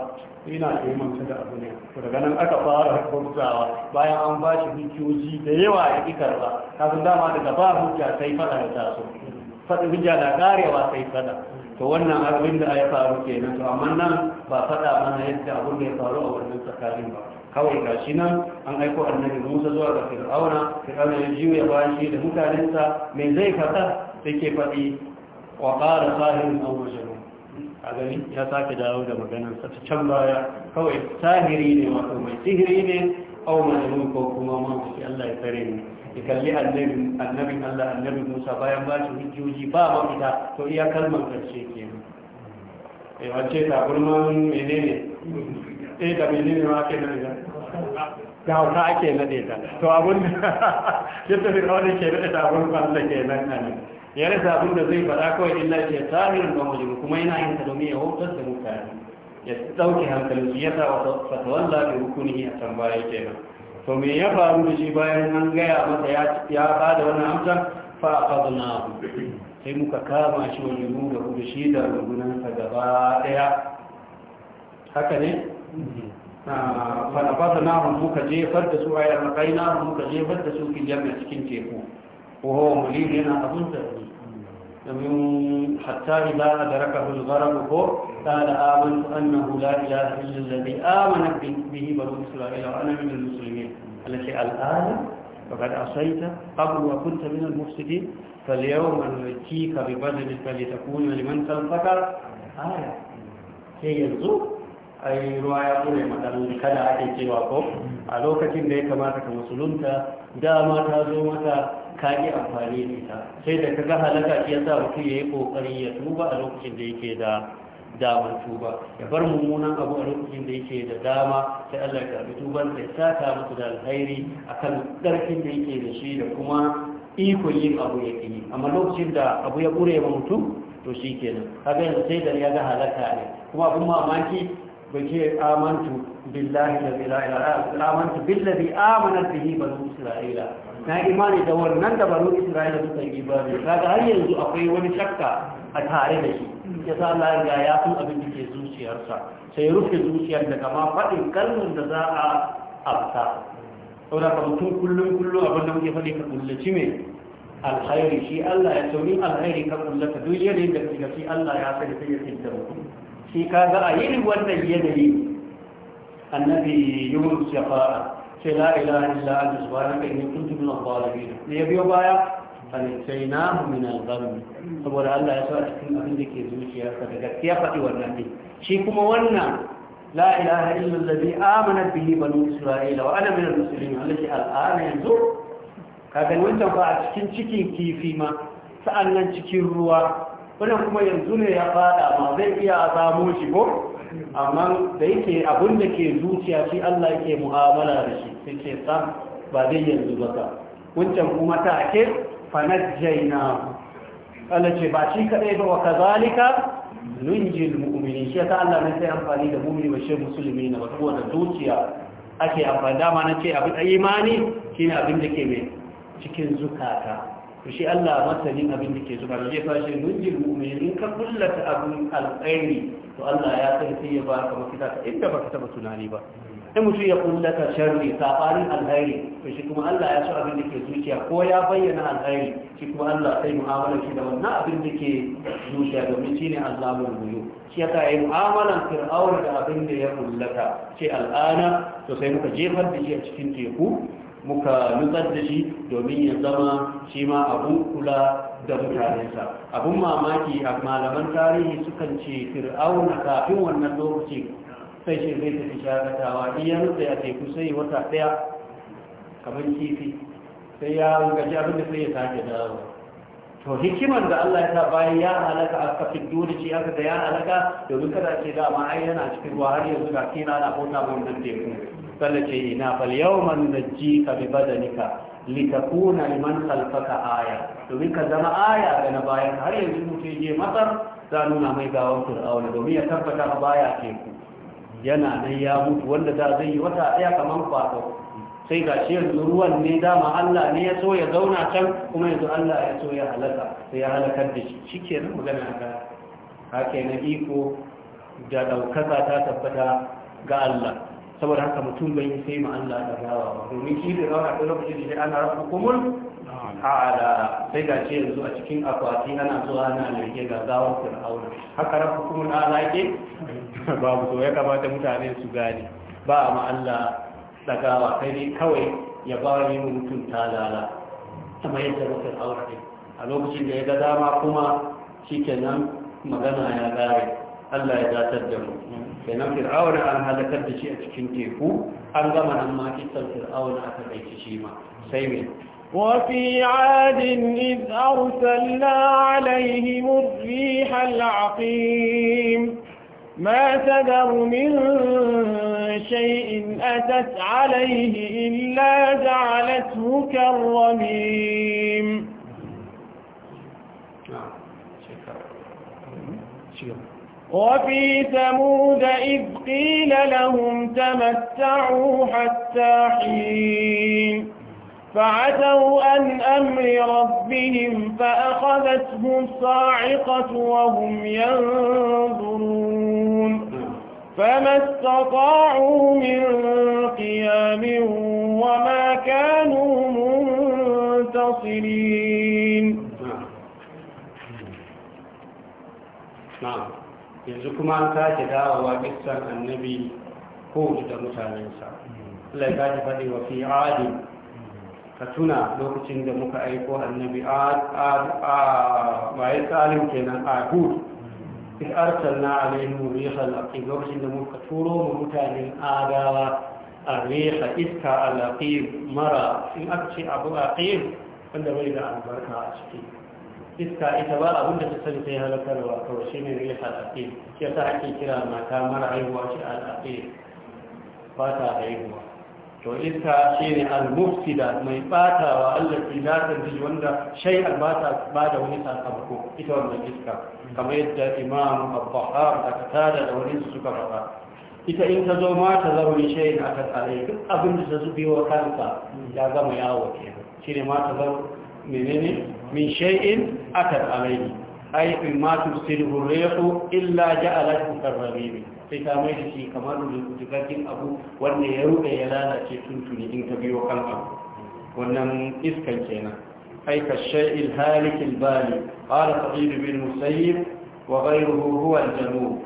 ina da iman da abu ne ku daga nan aka fara kurzawa bayan an ba shi da yawa ya ki karba kafin dama daga ba hukiya sai fada da taso fada hujja na karewa sai fada to wannan abin da ya faru kenan to amma nan ba fada mana yadda abin da ya faru a wannan tsakanin ba kawai shi nan an aiko annabi Musa zuwa ga Fir'auna Fir'auna ya jiyo ya bashi da mutanensa me zai fada suke faɗi wa ƙara sahirin an wajen a gani ya sake dawo da maganin sa can baya kawai sahiri ne wato mai sihiri ne au majalun ko kuma mamaci Allah ya tsare ni ya kalli annabi annabi Allah annabi Musa bayan ba shi hujjoji ba mafita to iya kalmar karshe kenan eh wace ta gurman menene eh da menene ma kenan da hauka ake nade ta to abun da [laughs] yadda fi kawai ke nade ta abun ba Allah ke nan nan ya rasa abin da zai faɗa kawai illa ce sahirin ba majinu kuma yana yin ta domin ya hutar da mutane ya ɗauke hankalin su ya sa wa fatawalla da rukuni a can baya kenan to me ya faru da shi bayan an gaya masa ya bada wannan amsa fa aqadna sai muka kama shi wa junuda ku da shi da rungunansa gaba daya haka ne fa aqadna muka jefar da su ayyana kaina muka jefar da su kin jami'a cikin teku ko hawa mulini yana abun da domin hatta idza adrakahu al-gharq ko qala amantu annahu la ilaha illa alladhi amana bihi banu isra'ila wa ana min al-muslimin allati al-ana faqad asayta qabla wa kunta min al-mufsidin فاليوم ننجيك ببدنك لتكون لمن خلفك آية sai yanzu ai ruwa ya tsure matsaloli kada ake cewa ko a lokacin da ya kamata ka musulunta dama ta zo mata ka yi amfani da ita sai da kaga halaka shi yasa mutum yayi kokari ya tuba a lokacin da yake da damar tuba ya bar mummunan abu a lokacin da yake da dama sai Allah ya karbi tuban sai ta musu da alkhairi akan karfin da yake da shi da kuma ikon yin abu ya ƙi amma lokacin da abu ya ƙure ma mutum to shi kenan kaga yanzu sai da ya ga halaka ne kuma abin mamaki ba ce amantu billahi da billahi amantu billahi amanar bihi banu isra'ila na imani da wannan da baro isra'ila suka yi ba ne kaga har yanzu akwai wani shakka a tare da shi ya sa Allah ya ya san abin da ke zuciyarsa sai rufe zuciyar daga ma faɗin kalmar da za a afta saboda ka mutum kullum kullum abin da muke faɗi ka kullaci me alkhairi shi Allah ya sauri alkhairi ka kullata duk yanayin da kake shi Allah ya sani sai ya da mutum shi kaga a yi wannan yanayi annabi Yunus ya fara ce la ilaha illa anta subhanaka inni kuntu minadh dhalimin ne ya biyo baya fanaitainahu min al-ghammi saboda Allah ya sa a cikin abin da ke zuciyarsa da gaskiya faɗi wannan din shi kuma wannan la ilaha illa allazi amana bihi banu isra'ila wa ana min al-muslimin allati al'ana yanzu kaga wancan fa a cikin cikin kifi ma Sa'an nan cikin ruwa wannan kuma yanzu ne ya fada ma zai iya a samu shi ko amma da yake abin da ke zuciya shi Allah yake mu'amala da shi sai ce sa ba zai yanzu ba ka wancan kuma ta ake fanajjaina Allah ce ba shi kadai ba wa kazalika nunjil mu'mini shi ta Allah ne sai amfani da mu'mini ba shi musulmi na ba da zuciya ake amfani dama na ce abin imani shine abin da ke mai cikin zukata to shi Allah masanin abin da ke zukata zai fashe nunjil mu'mini in ka kullata abin alkhairi to Allah ya san sai ya ba ka mafita ka inda baka taba tunani ba in mutum ya kulla ka sharri sabarin alhairi to shi kuma Allah ya so abin da ke zuciya ko ya bayyana alhairi shi kuma Allah sai mu'amalar shi da wannan abin da ke zuciya domin shi ne Allahul buyu shi mu yayi mu'amalan fir'auna da abin da ya kullata ce al'ana to sai muka jefar da shi a cikin teku muka nutsar da shi domin ya zama shi ma abun kula da mutanensa abun mamaki a malaman tarihi sukan ce fir'auna kafin wannan lokaci sai shi zai tafi shakatawa in ya a teku sai wata daya kamar kifi sai ya gaji abin da sai ya sake dawo to hikiman da Allah ya sa bayan ya halaka a kafin dole shi aka da ya halaka domin kada ce da ma ai yana cikin ruwa har yanzu ga kina na kota mun nan teku sallah ce ina fal yawman najjika bi badanika litakuna liman khalfaka aya domin ka zama aya ga na bayan har yanzu mutum je masar za nuna mai gawar fir'auna domin ya tabbata a baya teku yana nan ya mutu wanda da zai yi wata ɗaya kamar kwato sai ga shi yanzu ruwan ne dama Allah ne ya so ya zauna can kuma yanzu Allah ya so ya halaka sai ya halakar da shi shikenan magana ga haka na iko da ɗaukaka ta tabbata ga Allah saboda haka mutum bai yi sai ma Allah da gawa ba domin shi da rawa da lokacin ana rafa kumul ala sai ga ce yanzu a cikin akwati ana zuwa ana lege ga gawar fir'auna haka rafa kumul ala yake babu so ya kamata mutane su gane ba ma Allah da gawa sai ne kawai ya ba ni mutum ta lala kuma yadda rafa aure ne a lokacin da ya ga dama kuma shikenan magana ya gare Allah ya datar da mu kenan fir'auna an halakar da shi a cikin teku an gama nan ma kisan fir'auna aka kai shi ma sai me وفي عاد إذ أرسلنا عليهم الريح العقيم ما تذر من شيء أتت عليه إلا جعلته كالرميم شكرا وفي ثمود إذ قيل لهم تمتعوا حتى حين فعتوا عن أمر ربهم فأخذتهم الصاعقة وهم ينظرون فما استطاعوا من قيام وما كانوا منتصرين نعم yanzu kuma an sake dawowa kisan annabi ko da mutanensa Allah ya kaji faɗi wa fi adi ka tuna lokacin da muka aiko annabi a ya tsarin kenan a hud in arsalna alaihim rihal aqib lokacin da muka turo mu mutanen adawa الريح إذكى الأقيم مرى abu أكشي wanda bai da albarka a ciki. iska ita ba abin da ta sani sai halakarwa kawai shi ne rihar aqil shi yasa ake kira mata mara haihuwa shi al-aqil ba ta haihuwa to iska shi ne al mai batawa allati la tanji wanda shay al bata ba da wani sakamako ita wannan iska kamar yadda imam abbahar da katada da wani suka faɗa ita in ta zo mata ta zaune shayin a kasare duk abin da ta zubewa kansa ya gama yawo kenan shi ne ma menene min shay'in atat alayhi ay in ma tusiru rihu illa ja'alat karrabin sai ta mai shi kamar rubutakin abu wanda ya rube ya lalace tuntuni in ka biyo kan abu wannan iskan kenan ay ka shay'il halik al bali qala sa'id bin musayyib wa ghayruhu huwa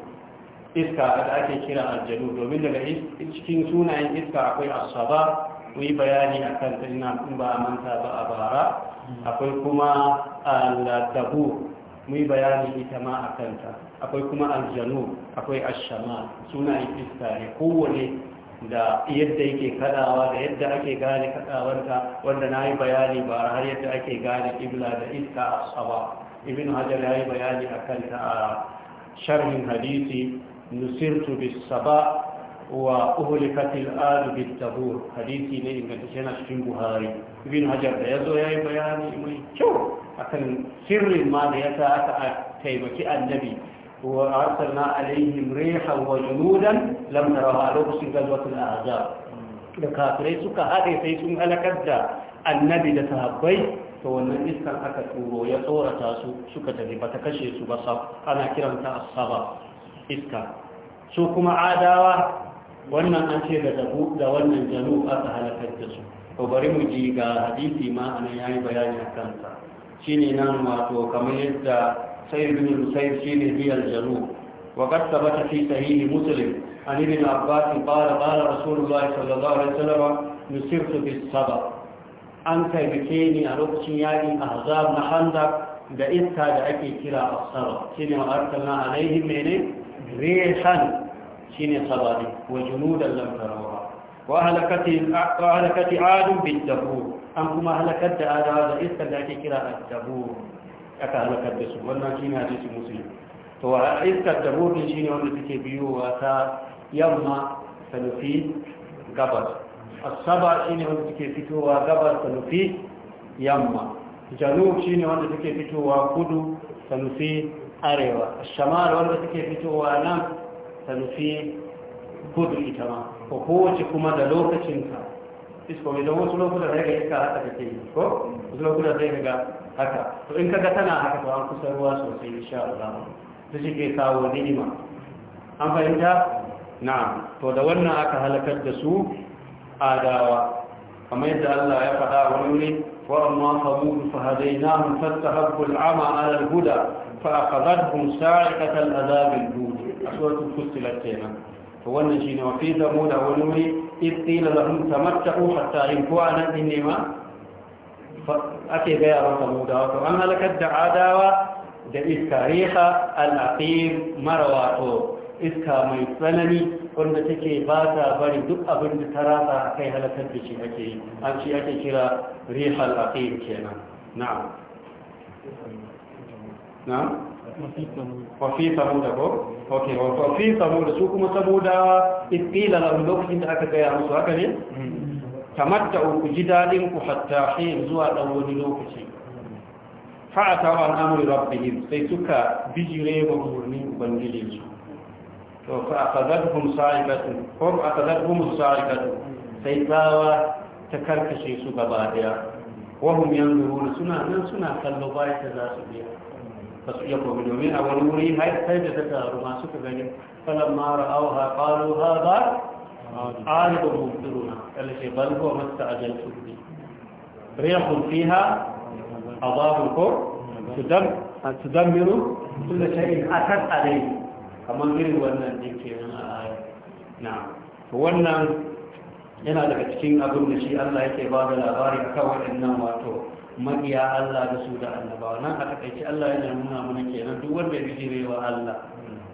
iska da ake kira al domin daga cikin sunayen iska akwai asaba muyi bayani akan tsina in ba a manta ba a bara akwai kuma al-tabu ah, mai bayani ita ma a kanta akwai kuma al aljanu akwai ashama suna iska ne kowane da yadda yake kadawa da yadda ake gane kadawanta wanda na yi bayani ba har yadda ake gane ibla da iska a saba ibn hajar ya yi bayani a kanta a sharhin hadisi nusirtu bis saba wa uhulifatil adu bit tabur hadisi ne ingantacce na cikin buhari ibn hajar da ya yi bayani mai kyau akan sirrin ma da yasa aka taimaki annabi wa arsalna alaihim rihan wa junudan lam tarha lakum ghazwatul ahzab da kafirai suka hade sai sun halakar da annabi da sahabbai to wannan iskar aka turo ya tsorata su suka tafi bata kashe su ba sa ana kiranta a saba iska su kuma adawa wannan an ce da dabu da wannan janu aka halakar da su to bari mu ji ga hadisi ma anan yayi bayani a kansa shine nan wato kamar yadda sayyid sai shi ne biyar janu wa qad thabata fi sahih muslim an ibn abbas qala qala rasulullah sallallahu alaihi wasallam nusirtu bis saba an kai ni a lokacin yaƙin ahzab na handak da iska da ake kira asara shine wa arsalna alaihim mene rihan shine sabani wa junudan lam tarawha wa halakati wa adun bin Dabu an kuma halakar da adawa da iskar da ake kira at-tabur aka halakar da su wannan shi ne shine hadisi muslim to a iskar tabur din ne wanda take biyowa ta yamma sanufi gabas shi ne wanda take fitowa gabas sanufi yamma janub ne wanda take fitowa kudu sanufi arewa shamal wanda take fitowa nan ta nufi kudu ita ma ko kowace kuma da lokacinka isko mai don wasu lokutan sai ga iska haka take yi ko wasu lokutan sai ga haka to in kaga tana haka to an kusa ruwa sosai insha Allah su shi ke kawo ni'ima an fahimta na to da wannan aka halakar da su adawa kamar yadda Allah ya faɗa wani wuri wa amma samu fa hadainahum fastahabbu ama 'ala al-huda فأخذتهم ساعقة العذاب الدود سورة da كينا فوانا شينا وفي ثمود ونوري إذ قيل لهم تمتعوا حتى ينفوا إنما فأتي بيا ثمود وأنا لك عداوة da iska riha al'aqim marwato iska mai tsanani wanda take ba bari duk abin da ta rasa a kai halakar da shi ake yi an shi ake kira riha al'aqim na? wafi samuda ko? ok wafi samuda su kuma saboda ikila na lokacin da aka gaya musu haka ne? tamatta ku ji daɗin ku hatta hin zuwa ɗan wani lokaci fa'ata wa al'amuri rabbihim sai suka bijire wa murnin ubangijinsu to fa'akazarhum sa'ikatu ko fa'akazarhum sa'ikatu sai tsawa ta karkashe su gaba daya wahum yanzuruna suna nan suna kallo bayan da za su biya ba su iya komi domin a wani wuri mai sai da ta taru masu ka gani falon mara au ha ƙalu ha ba ƙalibin musuluna ƙarshe balbo masu ajal Riya riyakun fiha a babin ko su dammiru tun da shayin akar alai kamar irin wannan ɗin ke nan a ayi na wannan yana daga cikin abin da shi allah yake ba da labari akan nan wato maƙiya Allah da su da annabawa nan a takaice Allah yana nuna mana kenan duk wanda ya bijire wa Allah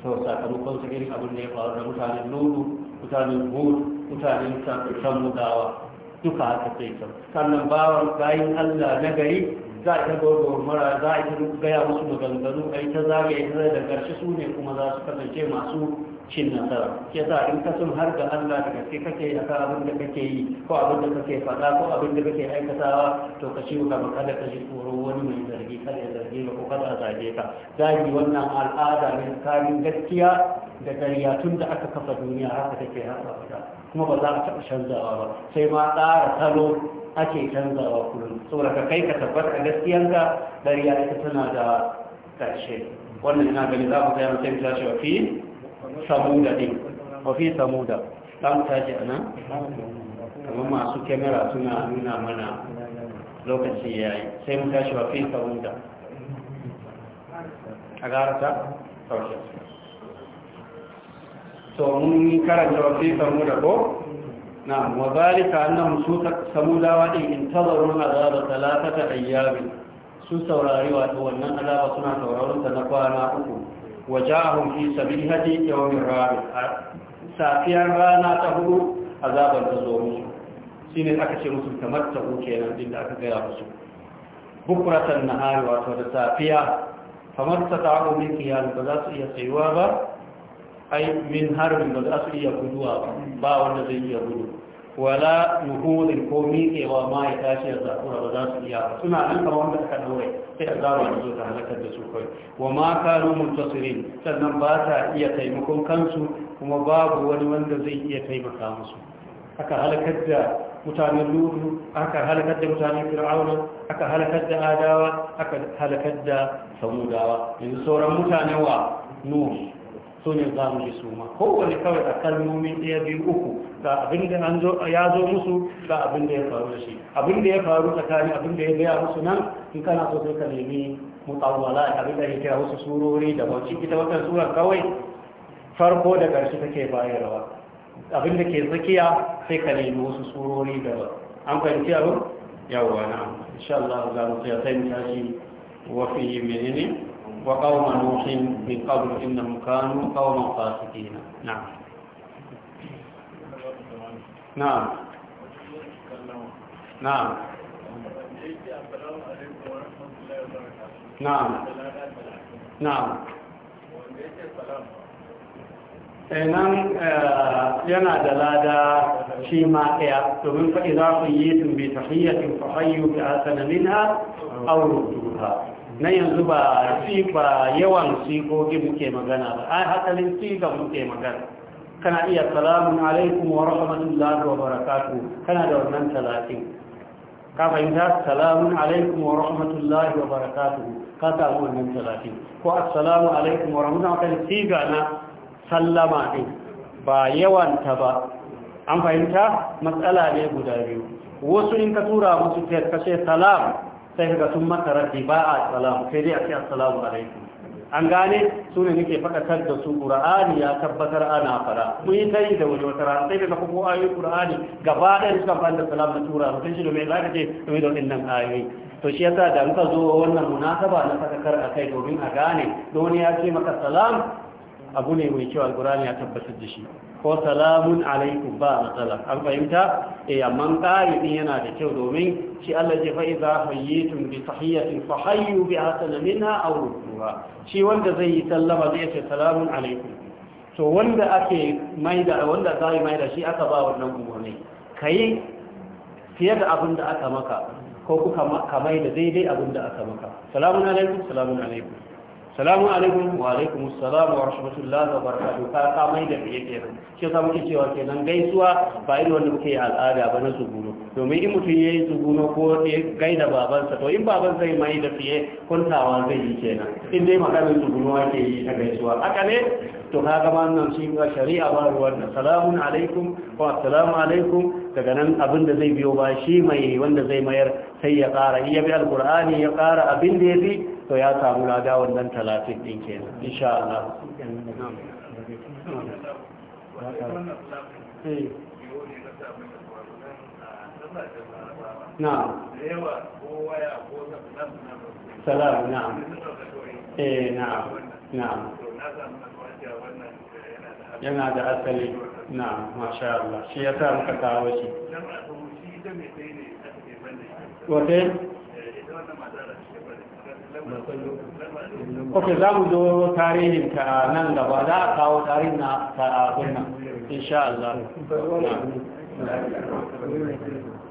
to sakamakon su irin abin da ya faru da mutanen Nuhu mutanen Hud mutanen dawa, duka haka sai ta sannan bawan bayin Allah na gari za a ta gogo mara za a ta gaya musu maganganu a ta zagaye ta da ƙarshe su ne kuma za su kasance masu cin nasara ke sa in ka sun har ga Allah da gaske kake a kan abin da kake yi ko abin da kake faɗa ko abin da kake aikatawa to ka ci gaba kada ka ji tsoro wani mai zargi kada ya zargi ka ko kada a zage ka zagi wannan al'ada ne tsakanin gaskiya da ƙarya tun da aka kafa duniya haka take haka fita kuma ba za a taɓa canzawa ba sai ma tsara salo ake canzawa kullum saboda ka kai ka tabbata gaskiyanka ƙarya ita tana da ƙarshe wannan ina gani za mu kai mu sai mu samuda ne ofin samuda ta mutaji a nan kamar masu kyamara suna nuna mana lokaci ya yi sai wa fi samuda a garata ƙarshe so mun karanta wa fi samuda ko na mazalika annan su samuda waɗi in tazaru na zaɓa talata ta ayyabi su saurari wato wannan alaba suna saurarunta na kwana uku wajahun fi sabihati yawm rabi safiyan rana ta hudu azaban ta zo musu shine aka ce musu tamattu kenan din da aka gaya musu bukratan nahar wato da safiya kamar ta ta'u bi kiyal ba za su iya tsayuwa ba ai min harbin ba za su iya guduwa ba wanda zai iya gudu. wala nuhurin ko miƙewa ma ya tashi ya zaɓura ba za su iya ba suna an kama wanda aka ɗaure sai a zaba da zo ta halakar da su kai wa ma kano mutasirin sannan ba ta iya taimakon kansu kuma babu wani wanda zai iya taimaka musu aka halakar da mutanen lulu aka halakar da mutanen fir'auna aka halakar da adawa aka halakar da samudawa yanzu sauran mutanen wa nuhu so ne za mu ji su ma kowane kawai a kalmomi ɗaya biyu uku ga abin da ya zo musu ga abin da ya faru da shi abin da ya faru tsakanin abin da ya gaya musu nan in kana so sai ka nemi mutawala abin da ya kira wasu surori da ciki, ita wata sura kawai farko da ƙarshe take bayarwa abin da ke tsakiya sai ka nemi wasu surori da ba an fahimci abu yawwa na insha Allah za mu tsaya sai mu tashi wa fi menene وقوم نوح من قبل إنهم كانوا قوما فاسقين نعم نعم نعم نعم نعم nan yana da lada shi ma ɗaya domin faɗi za ku yi tun bai tahiyyatin fahayyu bi asana minha aw rudduha na yanzu ba ba yawan sigogin muke magana ba ai hakalin siga muke magana kana iya salamun alaikum wa rahmatullahi wa barakatuh kana da wannan talatin ka fahimta salamun alaikum wa rahmatullahi wa barakatuh ka samu wannan talatin ko assalamu alaikum wa rahmatullahi wa siga na sallama din ba yawan ta ba an fahimta matsala ne guda biyu wasu in ka tura musu ka ce salam sai ga sun mata raddi ba a salamu sai dai a ce assalamu alaikum an gane su ne nake faɗakar da su ƙura'ani ya tabbatar ana fara mun yi da waje wata rana sai da kuma ayoyin ƙura'ani gaba ɗaya suka ba da salam da tura sun shi domin za ka ce domin da waɗannan ayoyi to shi yasa da muka zo wannan munasaba na faɗakar a kai domin a gane da wani ya ce maka salam abu ne mai kyau alkurani ya tabbatar da shi ko salamun alaikum ba matsala an fahimta eh amma ƙari din yana da kyau domin shi Allah ya fa idza hayyitum bi tahiyatin fa hayyu bi hasana minha aw rudduha shi wanda zai yi sallama zai ce salamun alaikum to wanda ake mai da wanda zai maida shi aka ba wannan umarni kai fiye da abin da aka maka ko kuka kamai da daidai abin da aka maka salamun alaikum salamun alaikum salamu alaikum wa alaikum salam wa rahmatullahi wa barakatuh ka ka mai da yake kenan shi yasa muke cewa kenan gaisuwa ba irin wanda muke al'ada ba na zubuno domin in mutum yayi zubuno ko ya gaida babansa to in baban zai mai da fiye kuntawa zai yi kenan in dai maganar zubuno ake yi ta gaisuwa haka ne to kaga ma nan shi ga shari'a ba ruwan salamun alaikum wa assalamu alaikum daga nan abin da zai biyo ba shi mai wanda zai mayar sai ya ƙara iya bi alkur'ani ya ƙara abin da ya fi to ya samu na ga wannan talatin din ke insha Allah na'am salam na'am eh na'am na'am yana da asali na masha Allah shi ya sa muka kawo shi wata ok za mu zo tarihin ka nan gaba za a kawo tarihin na ta abin nan insha Allah